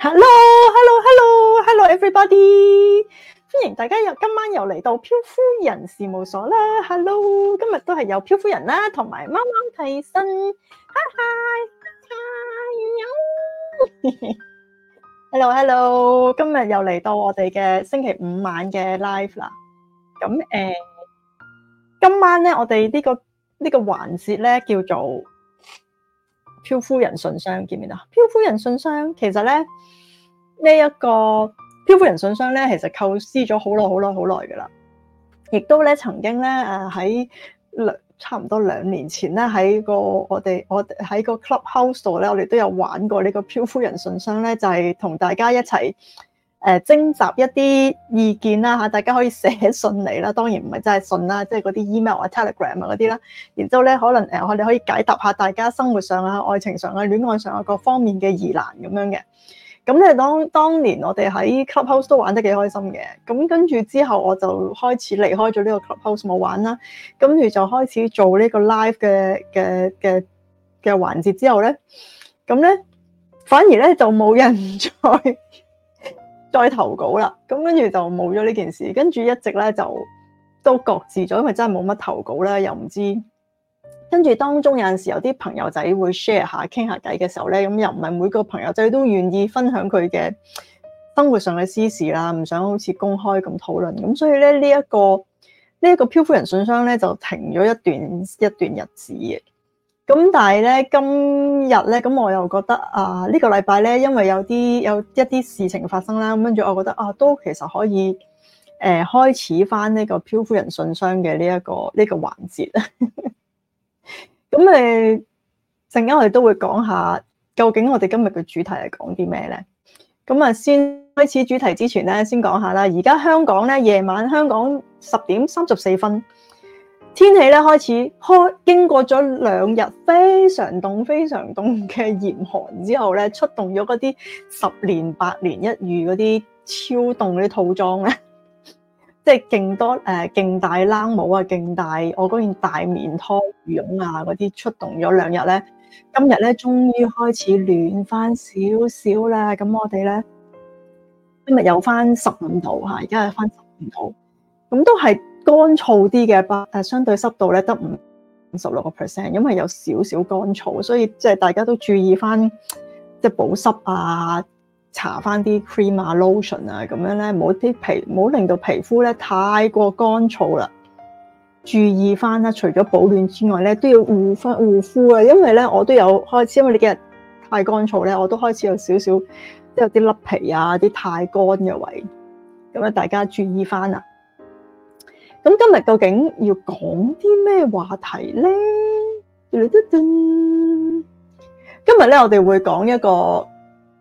Hello，Hello，Hello，Hello，everybody！歡迎大家又今晚又嚟到漂夫人事務所啦。Hello，今日都係有漂夫人啦，同埋貓貓替身。Hi，Hi，有。Hello，Hello，今日又嚟到我哋嘅星期五晚嘅 live 啦。咁誒，今晚咧，我哋呢個呢個環節咧，叫做。漂夫人信箱見面啊。漂夫人信箱其實咧，呢一個漂夫人信箱咧，其實構思咗好耐、好耐、好耐噶啦，亦都咧曾經咧誒喺兩差唔多兩年前咧喺個我哋我喺個 clubhouse 度咧，我哋都有玩過呢個漂夫人信箱咧，就係同大家一齊。誒，徵集一啲意見啦吓，大家可以寫信嚟啦，當然唔係真係信啦，即係嗰啲 email 啊、Telegram 啊嗰啲啦。然之後咧，可能誒，我哋可以解答下大家生活上啊、愛情上啊、戀愛上啊各方面嘅疑難咁樣嘅。咁、嗯、咧當當年我哋喺 clubhouse 都玩得幾開心嘅，咁、嗯、跟住之後我就開始離開咗呢個 clubhouse 冇玩啦，跟住就開始做呢個 live 嘅嘅嘅嘅環節之後咧，咁、嗯、咧反而咧就冇人再 再投稿啦，咁跟住就冇咗呢件事，跟住一直咧就都各自咗，因為真係冇乜投稿啦，又唔知道。跟住當中有陣時候有啲朋友仔會 share 下傾下偈嘅時候咧，咁又唔係每個朋友仔都願意分享佢嘅生活上嘅私事啦，唔想好似公開咁討論，咁所以咧呢一個呢一個漂夫人信箱咧就停咗一段一段日子嘅。咁但係咧今日咧，咁我又覺得啊，這個、呢個禮拜咧，因為有啲有一啲事情發生啦，跟住我覺得啊，都其實可以誒、呃、開始翻呢個漂夫人信箱嘅呢一個呢、這個環節啊。咁 誒，陣間我哋都會講下究竟我哋今日嘅主題係講啲咩咧？咁啊，先開始主題之前咧，先講下啦。而家香港咧，夜晚香港十點三十四分。天氣咧開始開，經過咗兩日非常凍、非常凍嘅嚴寒之後咧，出動咗嗰啲十年八年一遇嗰啲超凍嗰啲套裝咧，即係勁多誒，勁大冷帽啊，勁大我嗰件大棉胎羽絨啊嗰啲出動咗兩日咧，今日咧終於開始暖翻少少啦，咁我哋咧今日有翻十五度嚇，而家又翻十五度，咁都係。乾燥啲嘅百誒，但相對濕度咧得五五十六個 percent，因為有少少乾燥，所以即係大家都注意翻，即係補濕啊，搽翻啲 cream 啊 lotion 啊咁樣咧，唔好啲皮，唔好令到皮膚咧太過乾燥啦。注意翻啦，除咗保暖之外咧，都要護翻護膚啊，因為咧我都有開始，因為你幾日太乾燥咧，我都開始有少少即係有啲甩皮啊，啲太乾嘅位，咁啊大家注意翻啊！咁今日究竟要講啲咩話題咧？得今日咧，我哋會講一個，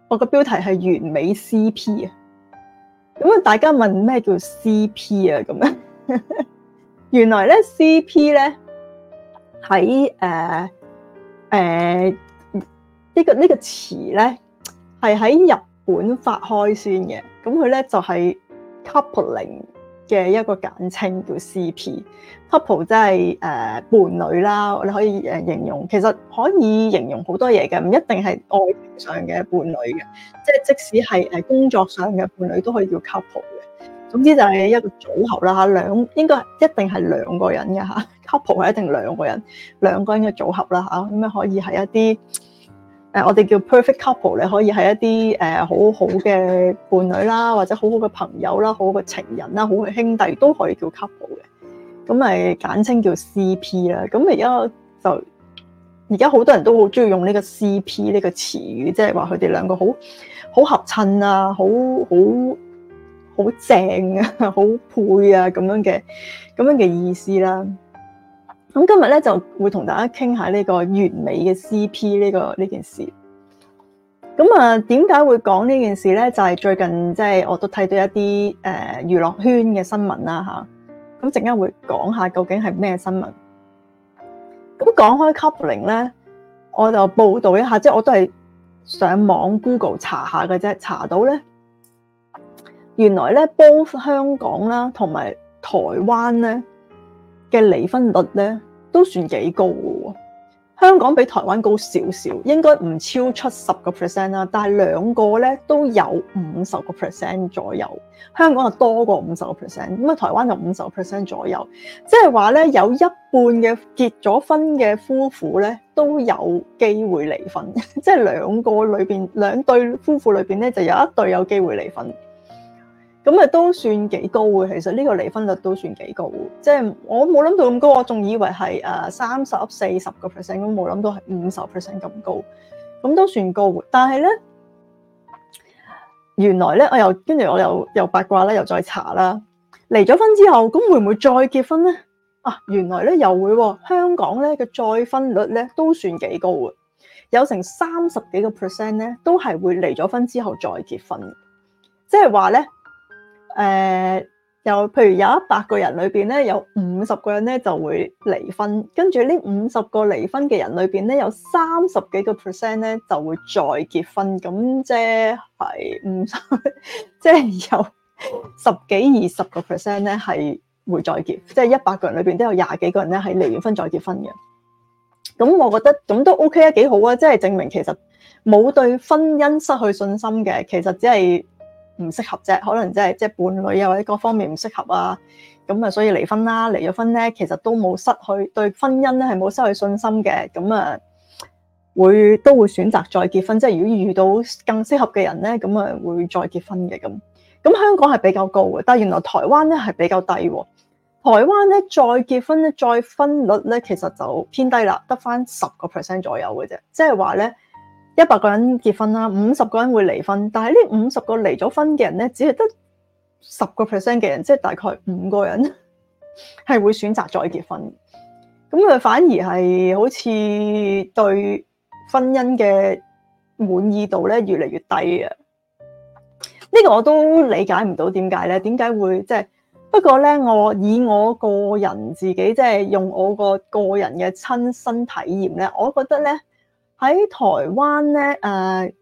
我個標題係完美 CP 啊！咁啊，大家問咩叫 CP 啊？咁啊，原來咧 CP 咧喺誒誒呢在、呃呃這個、這個、呢個詞咧係喺日本發開先嘅，咁佢咧就係、是、coupling。嘅一個簡稱叫 CP，couple 即係誒伴侶啦，你可以誒形容，其實可以形容好多嘢嘅，唔一定係愛情上嘅伴侶嘅，即係即使係誒工作上嘅伴侶都可以叫 couple 嘅。總之就係一個組合啦嚇，兩應該一定係兩個人嘅嚇，couple 係一定兩個人，兩個人嘅組合啦嚇，咁樣可以係一啲。誒，我哋叫 perfect couple 咧，可以係一啲誒、呃、好好嘅伴侶啦，或者好好嘅朋友啦，好好嘅情人啦，好嘅兄弟都可以叫 couple 嘅，咁咪簡稱叫 CP 啦。咁而家就而家好多人都好中意用呢個 CP 呢個詞語，即係話佢哋兩個好好合襯啊，好好好正啊，好配啊咁樣嘅咁樣嘅意思啦、啊。咁今日咧就會同大家傾下呢個完美嘅 CP 呢個呢件事。咁啊，點解會講呢件事咧？就係最近即係我都睇到一啲誒娛樂圈嘅新聞啦吓。咁陣間會講下究竟係咩新聞。咁講開 coupling 咧，我就報道一下，即係我都係上網 Google 查下嘅啫，查到咧，原來咧 both 香港啦同埋台灣咧。嘅離婚率咧都算幾高喎，香港比台灣高少少，應該唔超出十個 percent 啦。但係兩個咧都有五十個 percent 左右，香港係多過五十個 percent，咁啊台灣就五十個 percent 左右，即係話咧有一半嘅結咗婚嘅夫婦咧都有機會離婚，即係兩個裏邊兩對夫婦裏邊咧就有一對有機會離婚。咁啊，都算幾高嘅。其實呢個離婚率都算幾高嘅，即係我冇諗到咁高。我仲以為係誒三十四十個 percent，咁冇諗到係五十 percent 咁高，咁都算高嘅。但係咧，原來咧，我又跟住我又又八卦啦，又再查啦。離咗婚之後，咁會唔會再結婚咧？啊，原來咧又會，啊，香港咧嘅再婚率咧都算幾高嘅，有成三十幾個 percent 咧，都係會離咗婚之後再結婚，即係話咧。誒、呃，又譬如有一百個人裏邊咧，有五十個人咧就會離婚，跟住呢五十個離婚嘅人裏邊咧，有三十幾個 percent 咧就會再結婚，咁即係五十即係有十幾二十個 percent 咧係會再結，即係一百個人裏邊都有廿幾個人咧係離完婚再結婚嘅。咁我覺得咁都 OK 啊，幾好啊，即係證明其實冇對婚姻失去信心嘅，其實只係唔適合啫，可能即係即係伴侶又或者各方面唔適合啊，咁啊所以離婚啦，離咗婚咧其實都冇失去對婚姻咧係冇失去信心嘅，咁啊會都會選擇再結婚，即係如果遇到更適合嘅人咧，咁啊會再結婚嘅咁。咁香港係比較高嘅，但係原來台灣咧係比較低喎。台灣咧再結婚咧再婚率咧其實就偏低啦，得返十個 percent 左右嘅啫，即係話咧。一百個人結婚啦，五十個人會離婚，但係呢五十個離咗婚嘅人咧，只係得十個 percent 嘅人，即係大概五個人係會選擇再結婚。咁佢反而係好似對婚姻嘅滿意度咧越嚟越低啊！呢個我都理解唔到點解咧？點解會即係？不過咧，我以我個人自己即係用我個個人嘅親身體驗咧，我覺得咧。喺台灣咧，誒、呃、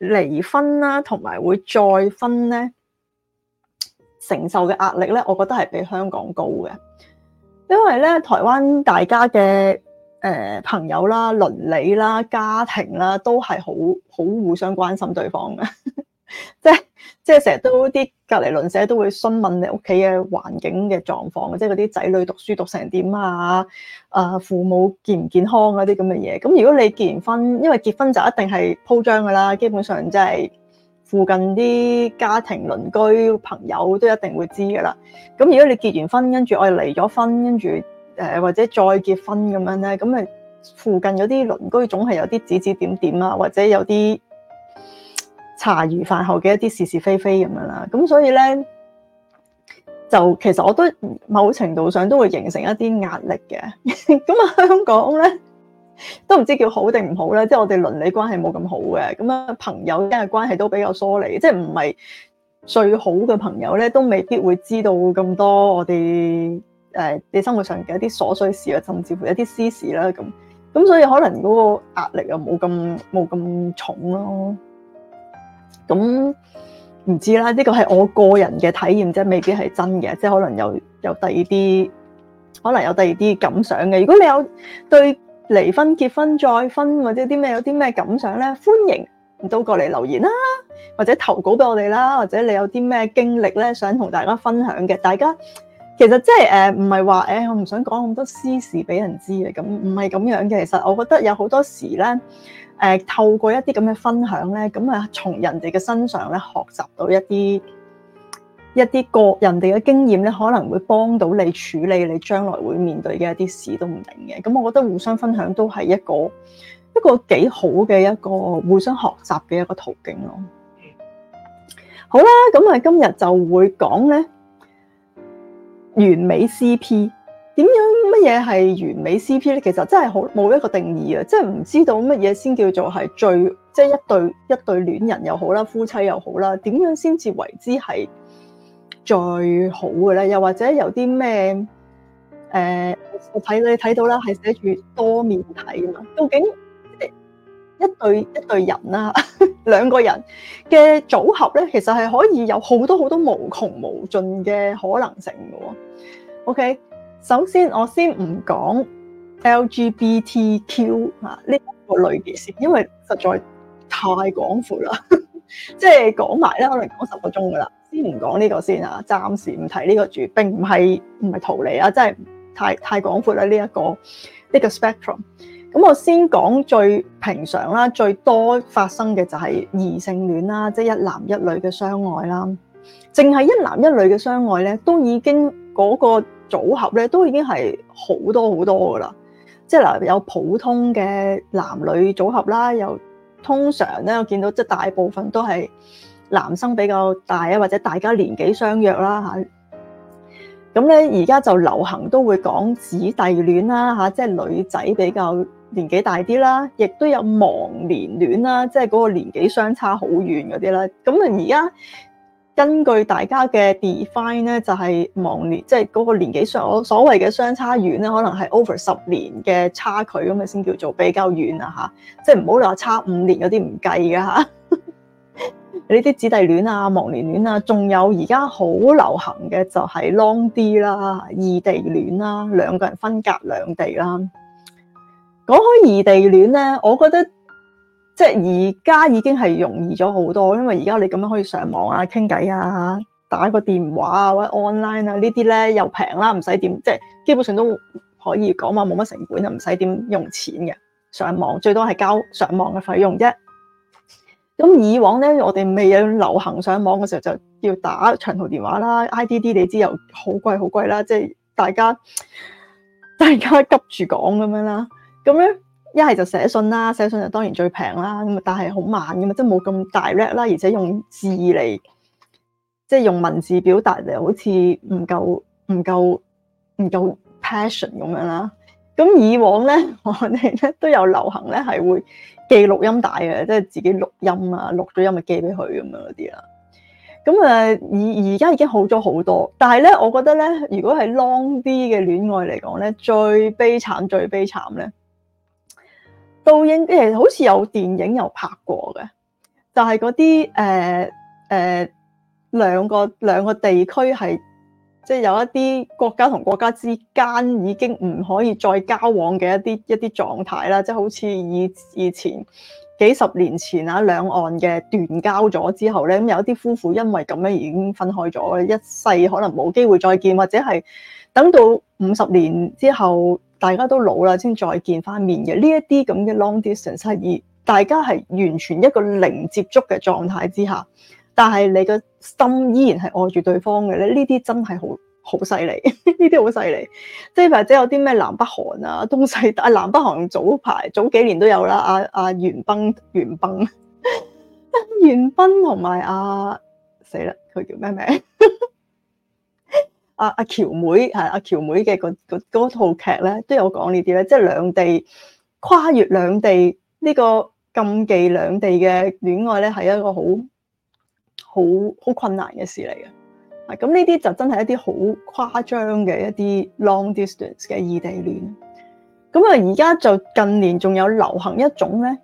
離婚啦、啊，同埋會再婚咧，承受嘅壓力咧，我覺得係比香港高嘅，因為咧，台灣大家嘅誒、呃、朋友啦、鄰理啦、家庭啦，都係好好互相關心對方嘅，即係。即係成日都啲隔籬鄰舍都會詢問你屋企嘅環境嘅狀況，即係嗰啲仔女讀書讀成點啊，誒父母健唔健康嗰啲咁嘅嘢。咁如果你結完婚，因為結婚就一定係鋪張噶啦，基本上即係附近啲家庭鄰居朋友都一定會知噶啦。咁如果你結完婚，跟住我哋離咗婚，跟住誒或者再結婚咁樣咧，咁啊附近嗰啲鄰居總係有啲指指點點啊，或者有啲。茶餘飯後嘅一啲是是非非咁樣啦，咁所以咧，就其實我都某程度上都會形成一啲壓力嘅。咁啊，香港咧都唔知叫好定唔好咧，即係我哋鄰里關係冇咁好嘅，咁啊朋友間嘅關係都比較疏離，即係唔係最好嘅朋友咧，都未必會知道咁多我哋誒、呃，你生活上嘅一啲瑣碎事啊，甚至乎一啲私事啦，咁咁所以可能嗰個壓力又冇咁冇咁重咯。咁唔知啦，呢個係我個人嘅體驗，即係，未必係真嘅，即係可能有有第二啲，可能有第二啲感想嘅。如果你有對離婚、結婚、再婚或者啲咩有啲咩感想咧，歡迎都過嚟留言啦，或者投稿俾我哋啦，或者你有啲咩經歷咧，想同大家分享嘅，大家。其實即係誒，唔係話誒，我唔想講咁多私事俾人知嘅，咁唔係咁樣嘅。其實我覺得有好多時咧，誒、呃，透過一啲咁嘅分享咧，咁、呃、啊，從人哋嘅身上咧，學習到一啲一啲個人哋嘅經驗咧，可能會幫到你處理你將來會面對嘅一啲事都唔定嘅。咁、嗯、我覺得互相分享都係一個一個幾好嘅一個互相學習嘅一個途徑咯。好啦，咁啊，今日就會講咧。完美 CP 點樣，乜嘢係完美 CP 咧？其實真係好冇一個定義啊！即係唔知道乜嘢先叫做係最即係、就是、一對一對戀人又好啦，夫妻又好啦，點樣先至為之係最好嘅咧？又或者有啲咩誒？我睇你睇到啦，係寫住多面體嘛？究竟？一對一對人啦、啊， 兩個人嘅組合咧，其實係可以有好多好多無窮無盡嘅可能性嘅喎、哦。OK，首先我先唔講 LGBTQ 啊呢、呢個類別先，因為實在太廣闊啦，即係講埋咧可能講十個鐘噶啦。先唔講呢個先啊，暫時唔提呢個住，並唔係唔係逃離啊，即係太太廣闊啦呢一個呢、呢個 spectrum。咁我先講最平常啦，最多發生嘅就係異性戀啦，即係一男一女嘅相愛啦。淨係一男一女嘅相愛咧，都已經嗰個組合咧，都已經係好多好多噶啦。即係嗱，有普通嘅男女組合啦，又通常咧，我見到即係大部分都係男生比較大啊，或者大家年紀相若啦吓，咁咧而家就流行都會講姊弟戀啦吓，即係女仔比較年紀大啲啦，亦都有忘年戀啦，即係嗰個年紀相差好遠嗰啲啦。咁啊，而家根據大家嘅 define 咧，就係、是、忘年，即係嗰個年紀相，我所謂嘅相差遠咧，可能係 over 十年嘅差距咁嘅先叫做比較遠啊吓，即係唔好話差五年嗰啲唔計嘅嚇。呢 啲姐弟戀啊，忘年戀啊，仲有而家好流行嘅就係 Long D 啦，異地戀啦，啊，兩個人分隔兩地啦。講開異地戀咧，我覺得即係而家已經係容易咗好多，因為而家你咁樣可以上網啊、傾偈啊、打個電話啊、或者 online 啊，這些呢啲咧又平啦，唔使點即係基本上都可以講嘛，冇乜成本啊，唔使點用錢嘅，上網最多係交上網嘅費用啫。咁以往咧，我哋未有流行上網嘅時候，就要打長途電話啦，IDD 你知又好貴好貴啦，即係大家大家急住講咁樣啦。咁咧，一係就寫信啦，寫信就當然最平啦。咁但係好慢嘅嘛，即係冇咁大叻啦，而且用字嚟，即係用文字表達就好似唔夠、唔夠、唔夠 passion 咁樣啦。咁以往咧，我哋咧都有流行咧，係會寄錄音帶嘅，即係自己錄音啊，錄咗音咪寄俾佢咁樣嗰啲啦。咁啊，而而家已經好咗好多，但係咧，我覺得咧，如果係 long 啲嘅戀愛嚟講咧，最悲慘、最悲慘咧～都應誒，好似有電影有拍過嘅，就係嗰啲誒誒兩個兩個地區係即係有一啲國家同國家之間已經唔可以再交往嘅一啲一啲狀態啦，即係好似以以前幾十年前啊兩岸嘅斷交咗之後咧，咁有一啲夫婦因為咁樣已經分開咗，一世可能冇機會再見，或者係等到五十年之後。大家都老啦，先再見翻面嘅呢一啲咁嘅 long distance 係而大家係完全一個零接觸嘅狀態之下，但係你嘅心依然係愛住對方嘅咧，呢啲真係好好犀利，呢啲好犀利。即係或者有啲咩南北韓啊，東西啊，南北韓早排早幾年都有啦、啊。阿阿元斌元斌，啊，元斌同埋阿死啦，佢叫咩名？ 阿阿喬妹，係阿喬妹嘅嗰套劇咧，都有講呢啲咧，即係兩地，跨越兩地呢個禁忌兩地嘅戀愛咧，係一個好好好困難嘅事嚟嘅。啊，咁呢啲就真係一啲好誇張嘅一啲 long distance 嘅異地戀。咁啊，而家就近年仲有流行一種咧，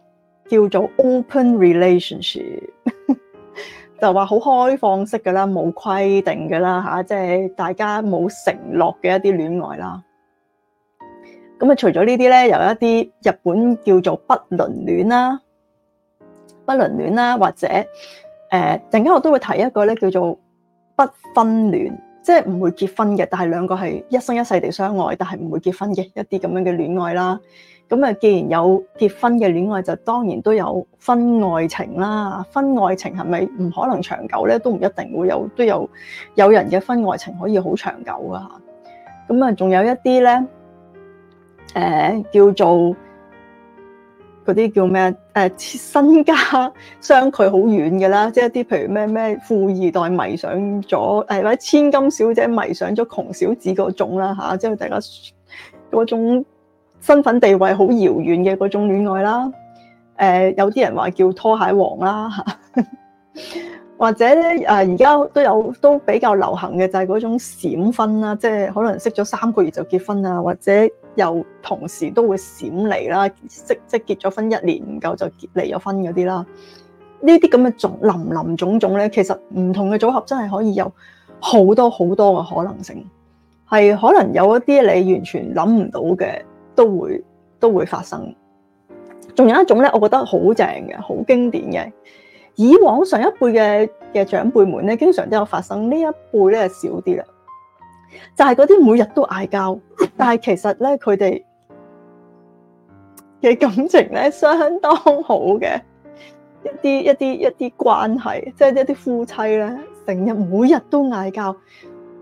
叫做 open relationship。就話好開放式噶啦，冇規定噶啦吓，即係大家冇承諾嘅一啲戀愛啦。咁啊，除咗呢啲咧，有一啲日本叫做不倫戀啦，不倫戀啦，或者誒，陣間我都會提一個咧叫做不婚戀，即係唔會結婚嘅，但係兩個係一生一世地相愛，但係唔會結婚嘅一啲咁樣嘅戀愛啦。咁啊，既然有結婚嘅戀愛，就當然都有婚外情啦。婚外情係咪唔可能長久咧？都唔一定會有，都有有人嘅婚外情可以好長久㗎。咁啊，仲有一啲咧，誒、呃、叫做嗰啲叫咩？誒、呃、身家相距好遠嘅啦，即、就、係、是、一啲譬如咩咩富二代迷上咗誒或者千金小姐迷上咗窮小子嗰種啦吓，即、啊、係、就是、大家嗰種。身份地位好遙遠嘅嗰種戀愛啦，誒有啲人話叫拖鞋王啦嚇，或者咧誒而家都有都比較流行嘅就係嗰種閃婚啦，即係可能識咗三個月就結婚啊，或者又同時都會閃離啦，即即係結咗婚一年唔夠就離咗婚嗰啲啦。呢啲咁嘅種林林總總咧，其實唔同嘅組合真係可以有好多好多嘅可能性，係可能有一啲你完全諗唔到嘅。都會都會發生，仲有一種咧，我覺得好正嘅，好經典嘅。以往上一輩嘅嘅長輩們咧，經常都有發生，呢一輩咧少啲啦。就係嗰啲每日都嗌交，但係其實咧佢哋嘅感情咧相當好嘅，一啲一啲一啲關係，即係一啲夫妻咧，成日每日都嗌交。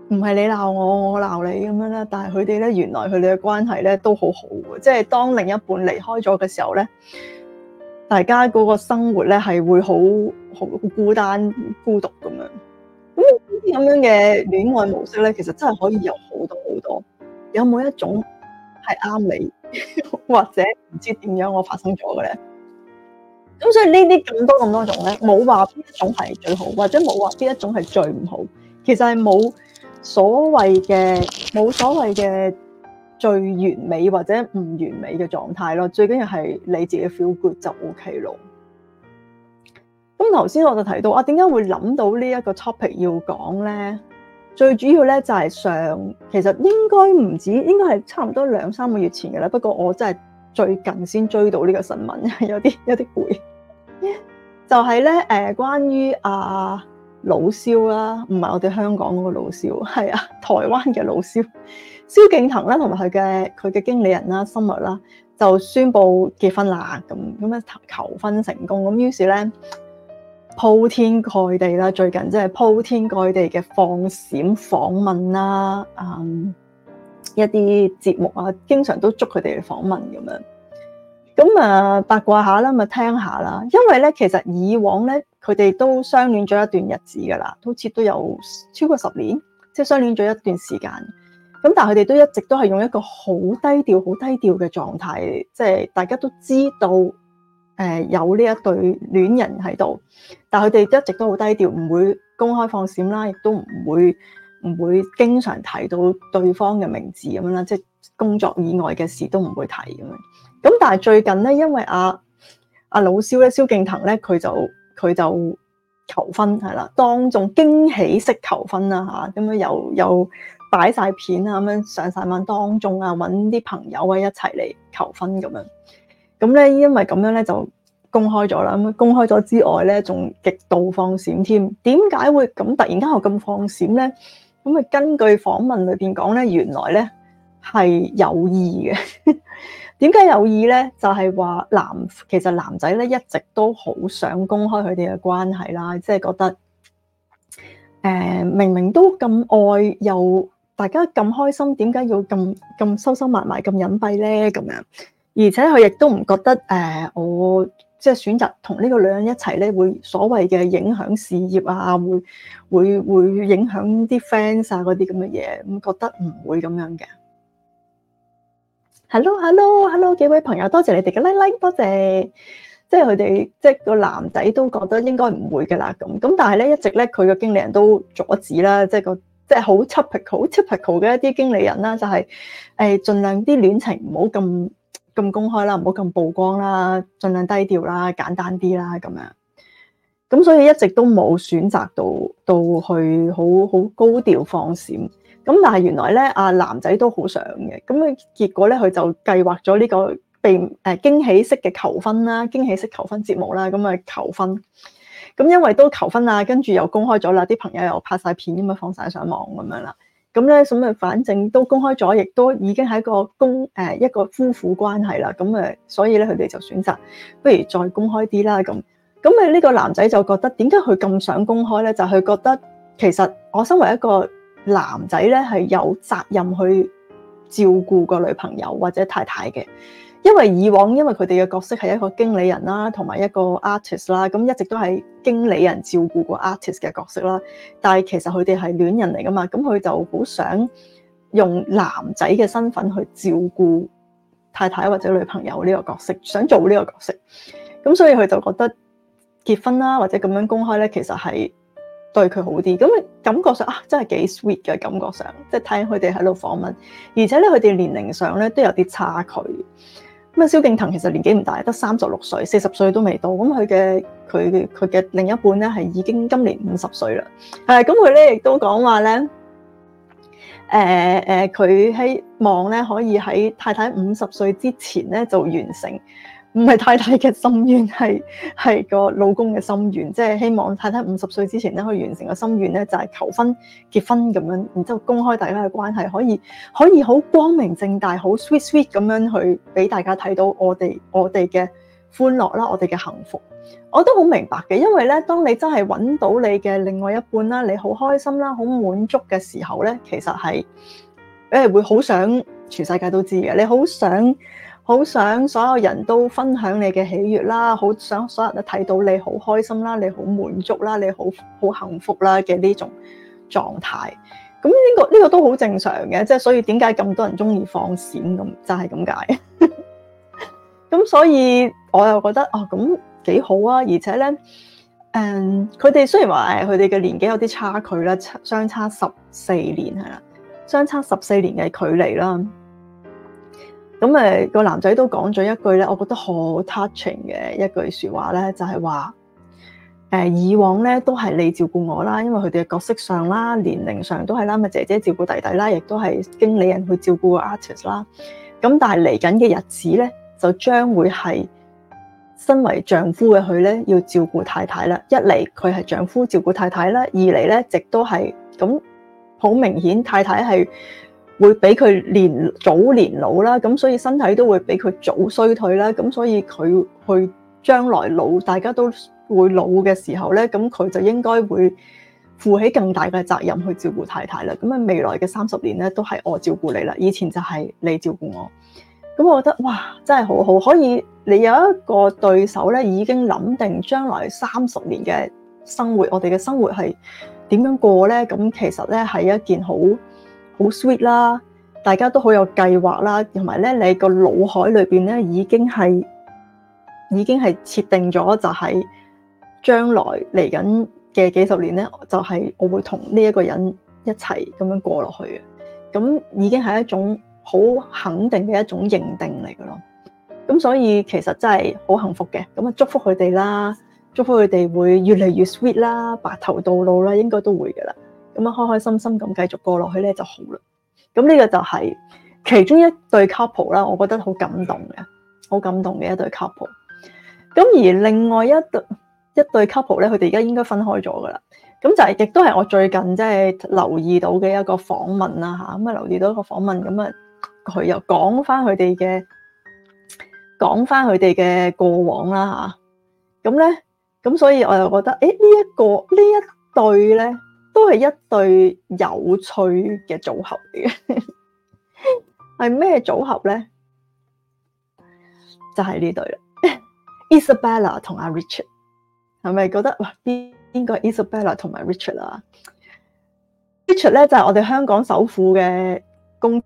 唔係你鬧我，我鬧你咁樣啦。但係佢哋咧，原來佢哋嘅關係咧都好好嘅。即係當另一半離開咗嘅時候咧，大家嗰個生活咧係會好好孤單、孤獨咁樣。咁呢啲咁樣嘅戀愛模式咧，其實真係可以有好多好多。有冇一種係啱你，或者唔知點樣我發生咗嘅咧？咁所以呢啲咁多咁多種咧，冇話邊一種係最好，或者冇話邊一種係最唔好。其實係冇。所謂嘅冇所謂嘅最完美或者唔完美嘅狀態咯，最緊要係你自己 feel good 就 O K 咯。咁頭先我就提到啊，點解會諗到呢一個 topic 要講咧？最主要咧就係、是、上其實應該唔止應該係差唔多兩三個月前嘅啦，不過我真係最近先追到呢個新聞，有啲有啲攰， 就係咧誒，關於啊。老蕭啦，唔係我哋香港嗰個老蕭，係啊，台灣嘅老蕭，蕭敬騰啦，同埋佢嘅佢嘅經理人啦，Summer 啦，就宣布結婚啦，咁咁啊求婚成功，咁於是咧鋪天蓋地啦，最近即係鋪天蓋地嘅放閃訪問啦，嗯，一啲節目啊，經常都捉佢哋嚟訪問咁樣，咁啊八卦下啦，咪聽下啦，因為咧其實以往咧。佢哋都相戀咗一段日子㗎啦，好似都有超過十年，即係相戀咗一段時間。咁但係佢哋都一直都係用一個好低調、好低調嘅狀態，即係大家都知道，誒、呃、有呢一對戀人喺度。但係佢哋一直都好低調，唔會公開放閃啦，亦都唔會唔會經常提到對方嘅名字咁樣啦，即係工作以外嘅事都唔會提咁樣。咁但係最近咧，因為阿、啊、阿、啊、老蕭咧，蕭敬騰咧，佢就～佢就求婚係啦，當眾驚喜式求婚啦吓，咁樣又又擺晒片啦，咁樣上晒網當眾啊，揾啲朋友啊一齊嚟求婚咁樣。咁咧因為咁樣咧就公開咗啦，咁公開咗之外咧，仲極度放閃添。點解會咁突然間又咁放閃咧？咁啊，根據訪問裏邊講咧，原來咧係有意嘅。 點解有意咧？就係、是、話男，其實男仔咧一直都好想公開佢哋嘅關係啦，即、就、係、是、覺得誒、呃，明明都咁愛，又大家咁開心，點解要咁咁收收埋埋、咁隱蔽咧？咁樣，而且佢亦都唔覺得誒、呃，我即係、就是、選擇同呢個女人一齊咧，會所謂嘅影響事業啊，會會會影響啲 fans 啊嗰啲咁嘅嘢，咁覺得唔會咁樣嘅。Hello，Hello，Hello，hello, hello, 幾位朋友，多謝你哋嘅 like, like，多謝，即係佢哋，即係個男仔都覺得應該唔會嘅啦，咁，咁但係咧，一直咧佢個經理人都阻止啦，即係個即係好 typical，typical 嘅一啲經理人啦，就係誒，儘量啲戀情唔好咁咁公開啦，唔好咁曝光啦，儘量低調啦，簡單啲啦，咁樣，咁所以一直都冇選擇到到去好好高調放閃。咁但係原來咧，阿男仔都好想嘅。咁啊，結果咧，佢就計劃咗呢個被誒驚喜式嘅求婚啦，驚喜式求婚節目啦。咁啊，求婚。咁因為都求婚啦，跟住又公開咗啦，啲朋友又拍晒片咁啊，放晒上網咁樣啦。咁咧，咁啊，反正都公開咗，亦都已經係一個公誒一個夫婦關係啦。咁啊，所以咧，佢哋就選擇不如再公開啲啦。咁咁啊，呢個男仔就覺得點解佢咁想公開咧？就佢係覺得其實我身為一個。男仔咧，係有責任去照顧個女朋友或者太太嘅，因為以往因為佢哋嘅角色係一個經理人啦，同埋一個 artist 啦，咁一直都係經理人照顧個 artist 嘅角色啦。但係其實佢哋係戀人嚟㗎嘛，咁佢就好想用男仔嘅身份去照顧太太或者女朋友呢個角色，想做呢個角色。咁所以佢就覺得結婚啦，或者咁樣公開咧，其實係。對佢好啲，咁感覺上啊，真係幾 sweet 嘅，感覺上，即係睇佢哋喺度訪問，而且咧佢哋年齡上咧都有啲差距。咁啊，蕭敬騰其實年紀唔大，得三十六歲，四十歲都未到。咁佢嘅、佢、佢嘅另一半咧係已經今年五十歲啦。係，咁佢咧亦都講話咧，誒、呃、誒，佢、呃、希望咧可以喺太太五十歲之前咧就完成。唔係太太嘅心願，係係個老公嘅心願，即係希望太太五十歲之前咧，去完成個心願咧，就係求婚結婚咁樣，然之後公開大家嘅關係，可以可以好光明正大，好 sweet sweet 咁樣去俾大家睇到我哋我哋嘅歡樂啦，我哋嘅幸福。我都好明白嘅，因為咧，當你真係揾到你嘅另外一半啦，你好開心啦，好滿足嘅時候咧，其實係誒會好想全世界都知嘅，你好想。好想所有人都分享你嘅喜悅啦，好想所有人都睇到你好開心啦，你好滿足啦，你好好幸福啦嘅呢種狀態。咁呢、呢個呢、呢個都好正常嘅，即係所以點解咁多人中意放閃咁就係咁解。咁 所以我又覺得哦，咁幾好啊，而且咧，誒、嗯，佢哋雖然話誒，佢哋嘅年紀有啲差距啦，相差十四年係啦，相差十四年嘅距離啦。咁、那、誒個男仔都講咗一句咧，我覺得好 touching 嘅一句説話咧，就係話誒以往咧都係你照顧我啦，因為佢哋嘅角色上啦、年齡上都係啦，咪姐姐照顧弟弟啦，亦都係經理人去照顧個 artist 啦。咁但係嚟緊嘅日子咧，就將會係身為丈夫嘅佢咧要照顧太太啦。一嚟佢係丈夫照顧太太啦，二嚟咧，直都係，咁好明顯，太太係。會俾佢年早年老啦，咁所以身體都會俾佢早衰退啦，咁所以佢去將來老，大家都會老嘅時候咧，咁佢就應該會負起更大嘅責任去照顧太太啦。咁啊，未來嘅三十年咧，都係我照顧你啦，以前就係你照顧我。咁我覺得哇，真係好好，可以你有一個對手咧，已經諗定將來三十年嘅生活，我哋嘅生活係點樣過咧？咁其實咧係一件好。好 sweet 啦，大家都好有計劃啦，同埋咧，你個腦海裏邊咧已經係已經係設定咗，就係將來嚟緊嘅幾十年咧，就係我會同呢一個人一齊咁樣過落去嘅。咁已經係一種好肯定嘅一種認定嚟嘅咯。咁所以其實真係好幸福嘅。咁啊，祝福佢哋啦，祝福佢哋會越嚟越 sweet 啦，白頭到老啦，應該都會嘅啦。咁啊，開開心心咁繼續過落去咧就好啦。咁呢個就係其中一對 couple 啦，我覺得好感動嘅，好感動嘅一對 couple。咁而另外一對一對 couple 咧，佢哋而家應該分開咗噶啦。咁就係、是、亦都係我最近即係留意到嘅一個訪問啦。吓，咁啊，留意到一個訪問咁啊，佢又講返佢哋嘅講返佢哋嘅過往啦。吓、啊，咁咧咁，所以我又覺得誒呢一個呢一對咧。都係一對有趣嘅組合嚟嘅，係 咩組合呢？就係呢對啦，Isabella 同阿 Richard，係是咪是覺得哇？邊邊個 Isabella 同埋 Richard 啊？Richard 呢就係、是、我哋香港首富嘅公子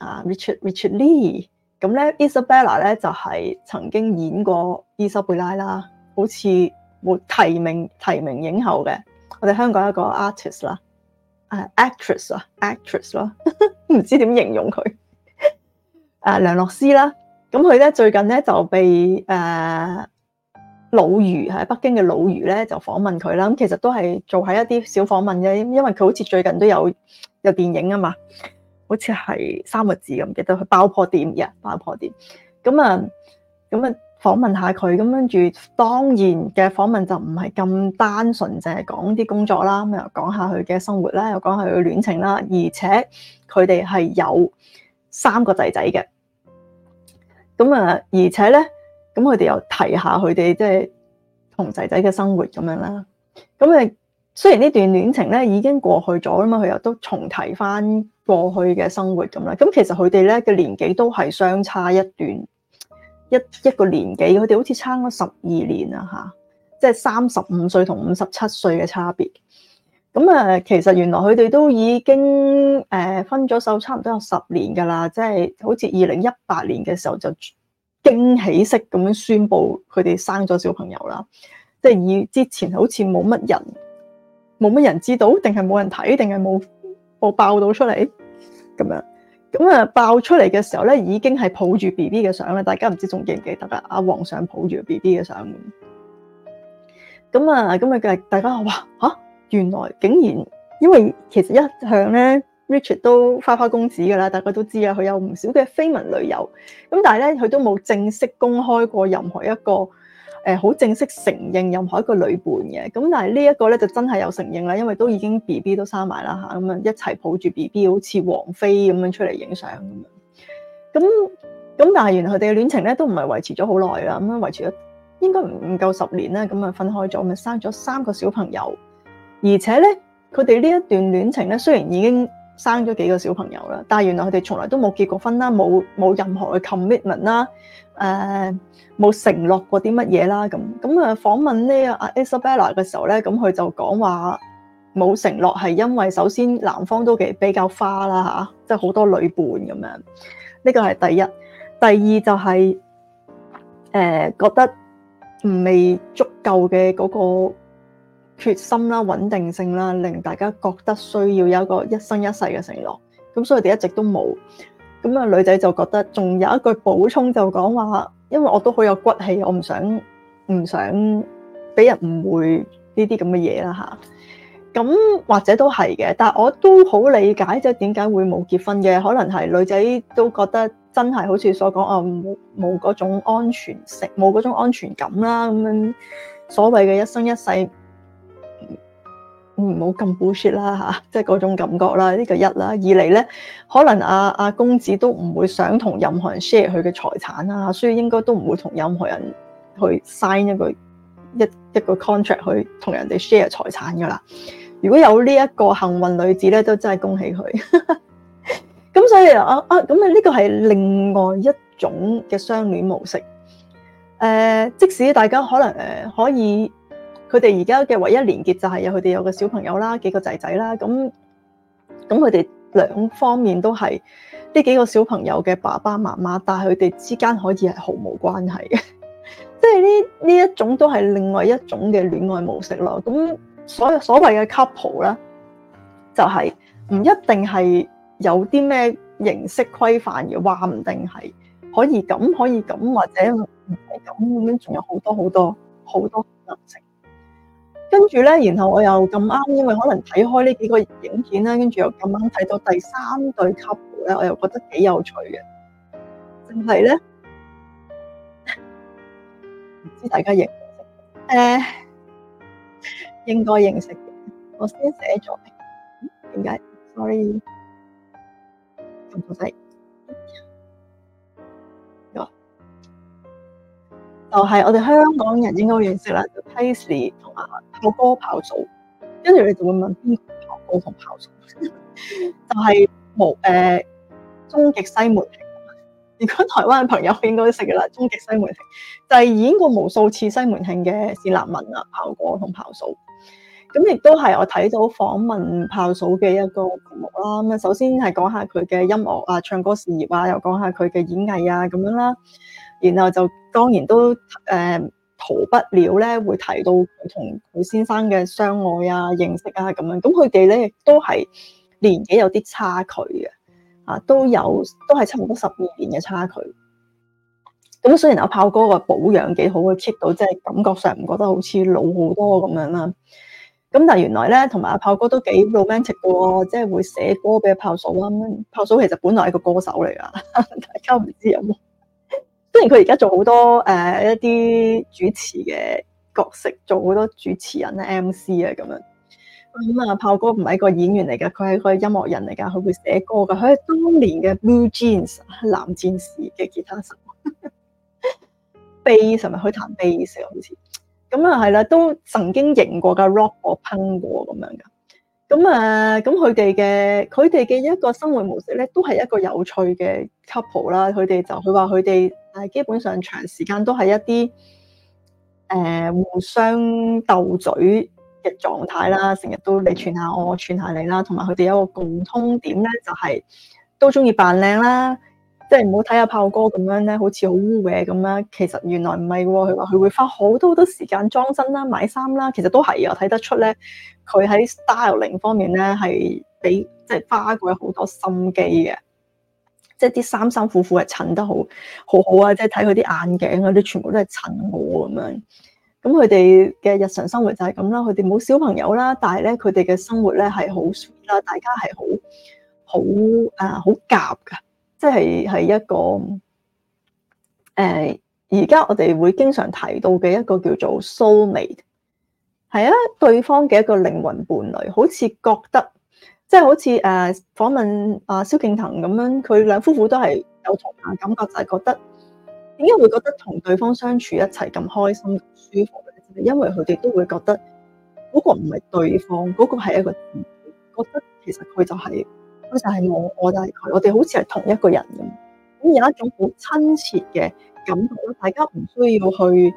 啊，Richard Richard Lee。咁 Isabella 呢就係、是、曾經演過伊莎貝拉啦，好似提名提名影后嘅。我哋香港一個 artist 啦、啊、，actress 啊 actress 咯、啊，唔知點形容佢、啊。梁洛施啦，咁佢咧最近咧就被誒魯豫喺北京嘅魯豫咧就訪問佢啦。咁其實都係做喺一啲小訪問嘅，因為佢好似最近都有有電影啊嘛，好似係三個字咁，記得佢爆破點嘅、啊、爆破點。咁啊，咁啊。啊訪問下佢，咁跟住當然嘅訪問就唔係咁單純，淨係講啲工作啦。咁又講下佢嘅生活啦，又講下佢嘅戀情啦。而且佢哋係有三個仔仔嘅。咁啊，而且咧，咁佢哋又提下佢哋即係同仔仔嘅生活咁樣啦。咁啊，雖然呢段戀情咧已經過去咗啦嘛，佢又都重提返過去嘅生活咁啦。咁其實佢哋咧嘅年紀都係相差一段。一一個年紀，佢哋好似差咗十二年啦吓，即係三十五歲同五十七歲嘅差別。咁啊，其實原來佢哋都已經誒分咗手差唔多有十年㗎啦，即係好似二零一八年嘅時候就驚喜式咁樣宣布佢哋生咗小朋友啦。即係以之前好似冇乜人冇乜人知道，定係冇人睇，定係冇冇爆到出嚟咁樣。咁啊爆出嚟嘅時候咧，已經係抱住 B B 嘅相啦，大家唔知仲記唔記得啊？阿王上抱住 B B 嘅相，咁啊，咁啊嘅大家話嚇，原來竟然，因為其實一向咧，Richard 都花花公子噶啦，大家都知啊，佢有唔少嘅緋聞女友，咁但係咧，佢都冇正式公開過任何一個。誒、呃、好正式承認任何一個女伴嘅，咁但係呢一個咧就真係有承認啦，因為都已經 B B 都生埋啦吓，咁樣一齊抱住 B B，好似王菲咁樣出嚟影相咁樣。咁咁但係原來佢哋嘅戀情咧都唔係維持咗好耐啦，咁樣維持咗應該唔唔夠十年啦，咁啊分開咗，咁啊生咗三個小朋友，而且咧佢哋呢一段戀情咧雖然已經。生咗幾個小朋友啦，但係原來佢哋從來都冇結過婚啦，冇冇任何嘅 commitment 啦、呃，誒冇承諾過啲乜嘢啦咁。咁啊、呃、訪問呢阿、啊、Isabella 嘅時候咧，咁佢就講話冇承諾係因為首先男方都幾比較花啦嚇，即係好多女伴咁樣。呢個係第一，第二就係、是、誒、呃、覺得唔未足夠嘅嗰、那個。決心啦，穩定性啦，令大家覺得需要有一個一生一世嘅承諾。咁所以佢哋一直都冇咁啊。女仔就覺得仲有一句補充就講話，因為我都好有骨氣，我唔想唔想俾人誤會呢啲咁嘅嘢啦。吓咁或者都係嘅，但係我都好理解，即係點解會冇結婚嘅？可能係女仔都覺得真係好似所講，啊冇冇嗰種安全性，冇嗰種安全感啦。咁樣所謂嘅一生一世。唔好咁 bullshit 啦嚇，即係嗰種感覺啦，呢、呢個一啦，二嚟咧，可能阿、啊、阿公子都唔會想同任何人 share 佢嘅財產啦，所以應該都唔會同任何人去 sign 一個一一個 contract 去同人哋 share 財產噶啦。如果有呢一個幸運女子咧，都真係恭喜佢。咁 所以啊啊，咁啊呢個係另外一種嘅相戀模式。誒、呃，即使大家可能誒、呃、可以。佢哋而家嘅唯一連結就係有佢哋有個小朋友啦，幾個仔仔啦，咁咁佢哋兩方面都係呢幾個小朋友嘅爸爸媽媽，但係佢哋之間可以係毫無關係嘅，即係呢呢一種都係另外一種嘅戀愛模式咯。咁所所謂嘅 couple 咧，就係、是、唔一定係有啲咩形式規範嘅，話唔定係可以咁可以咁，或者唔係咁咁樣，仲有好多好多好多可能性。跟住呢，然後我又咁啱，因為可能睇開呢幾個影片啦，跟住又咁啱睇到第三對 couple 我又覺得幾有趣嘅。定係呢，唔知道大家認識？誒、呃，應該認識。我先寫咗，點解 sorry 咁唔使？Sorry, 就係、是、我哋香港人應該會認識啦，就 l 示同埋豹哥豹嫂，跟住你就會問邊個豹哥同豹嫂，就係無誒終極西門慶。如果台灣嘅朋友應該都識嘅啦，終極西門慶就係、是、演過無數次西門慶嘅單立文啦，豹哥同豹嫂。咁亦都係我睇到訪問炮嫂嘅一個項目啦。咁啊，首先係講下佢嘅音樂啊、唱歌事業啊，又講下佢嘅演藝啊咁樣啦。然後就當然都誒逃不了咧，會提到同佢先生嘅相愛啊、認識啊咁樣。咁佢哋咧亦都係年紀有啲差距嘅，啊都有都係差唔多十二年嘅差距。咁雖然阿炮哥話保養幾好啊，keep 到即係感覺上唔覺得好似老好多咁樣啦。咁但係原來咧，同埋阿炮哥都幾 romantic 嘅，即係會寫歌俾阿炮嫂啊。炮嫂其實本來係個歌手嚟噶，大家唔知有冇、啊。雖然佢而家做好多誒一啲主持嘅角色，做好多主持人、M C 啊咁樣。咁啊，炮哥唔係個演員嚟噶，佢係個音樂人嚟噶，佢會寫歌噶。佢係當年嘅 Blue Jeans 藍戰士嘅吉他手，b a s 貝，同埋佢彈 s 斯好似。咁、嗯、啊，係啦，都曾經贏過噶，rock 我 pen 過咁樣噶。咁、嗯、啊，咁佢哋嘅佢哋嘅一個生活模式咧，都係一個有趣嘅 couple 啦。佢哋就佢話佢哋基本上長時間都係一啲誒、呃、互相鬥嘴嘅狀態啦，成日都你串下我，我串下你啦。同埋佢哋有一個共通點咧，就係、是、都中意扮靚啦。即係唔好睇下豹哥咁樣咧，好似好污嘅咁樣。其實原來唔係喎，佢話佢會花好多好多時間裝身啦、買衫啦。其實都係我睇得出咧，佢喺 styling 方面咧係俾即係花過好多心機嘅。即係啲衫衫褲褲係襯得好好好好啊！即係睇佢啲眼鏡啊，啲全部都係襯我咁樣。咁佢哋嘅日常生活就係咁啦。佢哋冇小朋友啦，但係咧佢哋嘅生活咧係好 sweet 啦，係好 sweet，大家係好好啊好夾噶。即係係一個誒，而、呃、家我哋會經常提到嘅一個叫做 soulmate，係啊，對方嘅一個靈魂伴侶，好似覺得即係、就是、好似誒、呃、訪問阿、呃、蕭敬騰咁樣，佢兩夫婦都係有同樣感，感覺，就係、是、覺得點解會覺得同對方相處一齊咁開心、舒服咧？因為佢哋都會覺得嗰、那個唔係對方，嗰、那個係一個覺得其實佢就係、是。佢就係我，我就係佢，我哋好似係同一個人咁，咁有一種好親切嘅感覺，大家唔需要去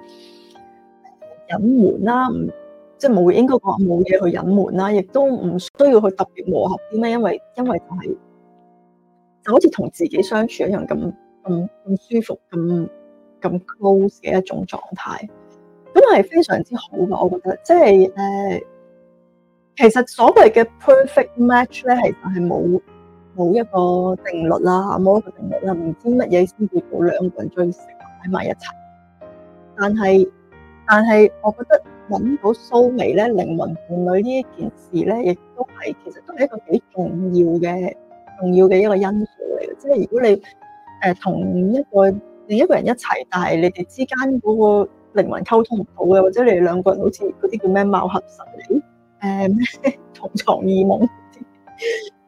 隱瞞啦，唔即係冇應該講冇嘢去隱瞞啦，亦都唔需要去特別磨合啲咩，因為因為係、就係、就好似同自己相處一樣咁咁咁舒服、咁咁 close 嘅一種狀態，咁係非常之好嘅。我覺得即係誒。其實所謂嘅 perfect match 咧，其實係冇冇一個定律啦，冇一個定律啦，唔知乜嘢先至到兩個人最適合喺埋一齊。但係但係，我覺得揾到蘇眉咧，靈魂伴侶呢一件事咧，亦都係其實都係一個幾重要嘅、重要嘅一個因素嚟嘅。即係如果你誒同，呃，一個另一個人一齊，但係你哋之間嗰個靈魂溝通唔到嘅，或者你哋兩個人好似嗰啲叫咩貌合神。誒、嗯，同床異夢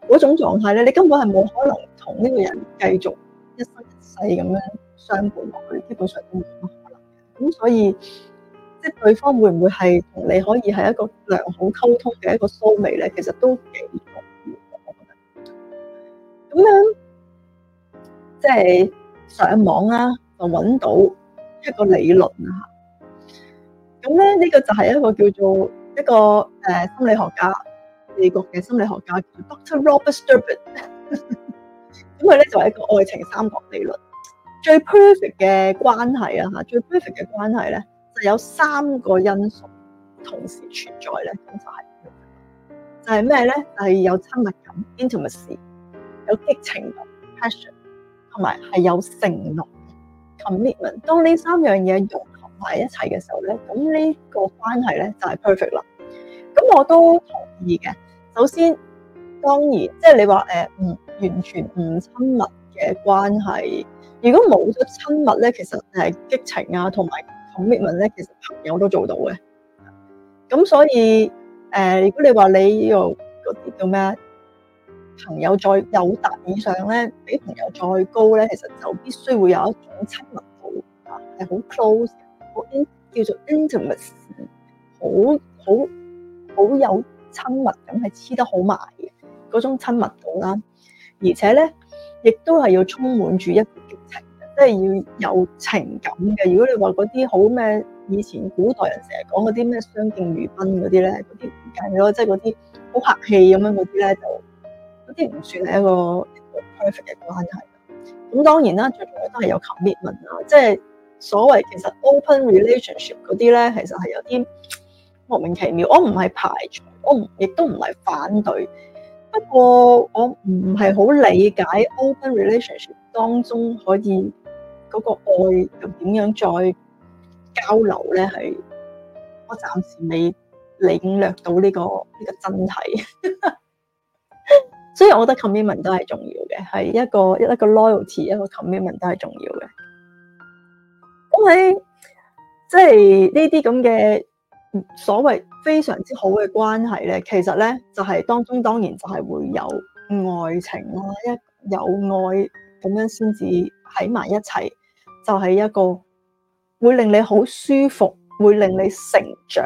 嗰種狀態咧，你根本係冇可能同呢個人繼續一生一世咁樣相伴落去，基本上都冇乜可能。咁所以，即、就、係、是、對方會唔會係同你可以係一個良好溝通嘅一個 soulmate 咧？其實都幾重要。我覺得，咁樣即係上網啊，就搵到一個理論啊。咁咧呢、這個就係一個叫做。一個誒心理學家，美國嘅心理學家叫 Dr.，叫 Dr. Robert Sternberg 咁佢咧就係一個愛情三角理論，最 perfect 嘅關係啊，最 perfect 嘅關係咧就有三個因素同時存在咧，咁就係就係咩咧？就係、是就是、有親密感 （intimacy） 有、Passion, 有激情 （passion） 同埋係有承諾 （commitment）。當呢三樣嘢融埋一齊嘅時候咧，咁呢個關係咧就係 perfect 啦。咁我都同意嘅。首先，當然即係、就是、你話誒，唔、呃、完全唔親密嘅關係。如果冇咗親密咧，其實誒激情啊，同埋 commitment 咧，其實朋友都做到嘅。咁所以誒、呃，如果你話你呢啲叫咩朋友再有達以上咧，比朋友再高咧，其實就必須會有一種親密度啊，係好 close。叫做 intimate，好好好有親密感，係黐得好埋嘅嗰種親密度啦。而且咧，亦都係要充滿住一個激情，即係要有情感嘅。如果你話嗰啲好咩，以前古代人成日講嗰啲咩相敬如賓嗰啲咧，嗰啲唔緊要，即係嗰啲好客氣咁樣嗰啲咧，就嗰啲唔算係一個 perfect 嘅關係。咁當然啦，最重要都係有 commitment 啦，即係。所謂其實 open relationship 嗰啲咧，其實係有啲莫名其妙。我唔係排除，我亦都唔係反對。不過我唔係好理解 open relationship 當中可以嗰個愛又點樣再交流咧，係我暫時未領略到呢、呢個呢、呢個真諦。 所以我覺得 commitment 都係重要嘅，係一個一個 loyalty 一個 commitment 都係重要嘅。喺即係呢啲咁嘅所謂非常之好嘅關係咧，其實咧就係當中當然就係會有愛情啦，一有愛咁樣先至喺埋一齊，就係一個會令你好舒服，會令你成長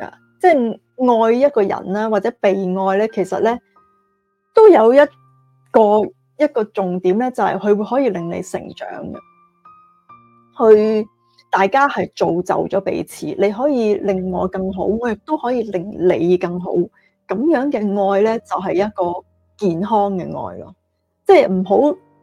啊！即係愛一個人啦，或者被愛咧，其實咧都有一個一個重點咧，就係佢會可以令你成長嘅。去大家係造就咗彼此，你可以令我更好，我亦都可以令你更好。咁樣嘅愛咧，就係一個健康嘅愛咯。即係唔好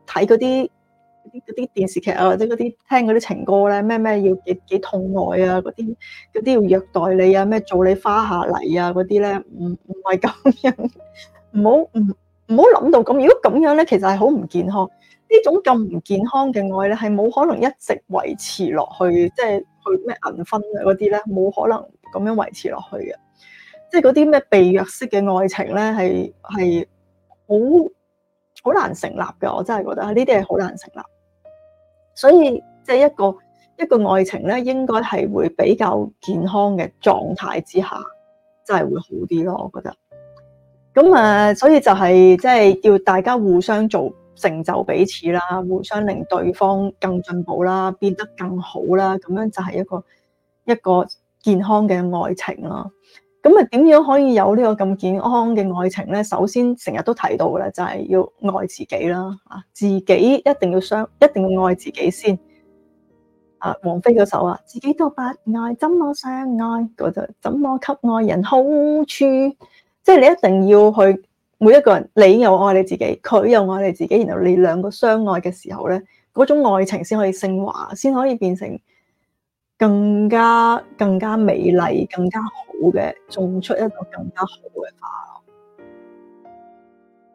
睇嗰啲嗰啲嗰啲電視劇啊，或者嗰啲聽嗰啲情歌咧，咩咩要幾幾痛愛啊，嗰啲嗰啲要虐待你啊，咩做你花下泥啊，嗰啲咧，唔唔係咁樣，唔好唔唔好諗到咁。如果咁樣咧，其實係好唔健康。呢種咁唔健康嘅愛咧，係冇可能一直維持落去，即係去咩銀婚嘅嗰啲咧，冇可能咁樣維持落去嘅。即係嗰啲咩被虐式嘅愛情咧，係係好好難成立嘅。我真係覺得呢啲係好難成立。所以即係一個一個愛情咧，應該係會比較健康嘅狀態之下，真係會好啲咯。我覺得。咁啊，所以就係即係要大家互相做。成就彼此啦，互相令對方更進步啦，變得更好啦，咁樣就係一個一個健康嘅愛情啦。咁啊，點樣可以有呢個咁健康嘅愛情咧？首先，成日都提到嘅就係要愛自己啦，啊，自己一定要相，一定要愛自己先。啊，王菲嗰首啊，自己都不愛，怎麼相愛？嗰就怎麼給愛人好處？即係你一定要去。每一個人，你又愛你自己，佢又愛你自己，然後你兩個相愛嘅時候咧，嗰種愛情先可以升華，先可以變成更加更加美麗、更加好嘅，種出一個更加好嘅花。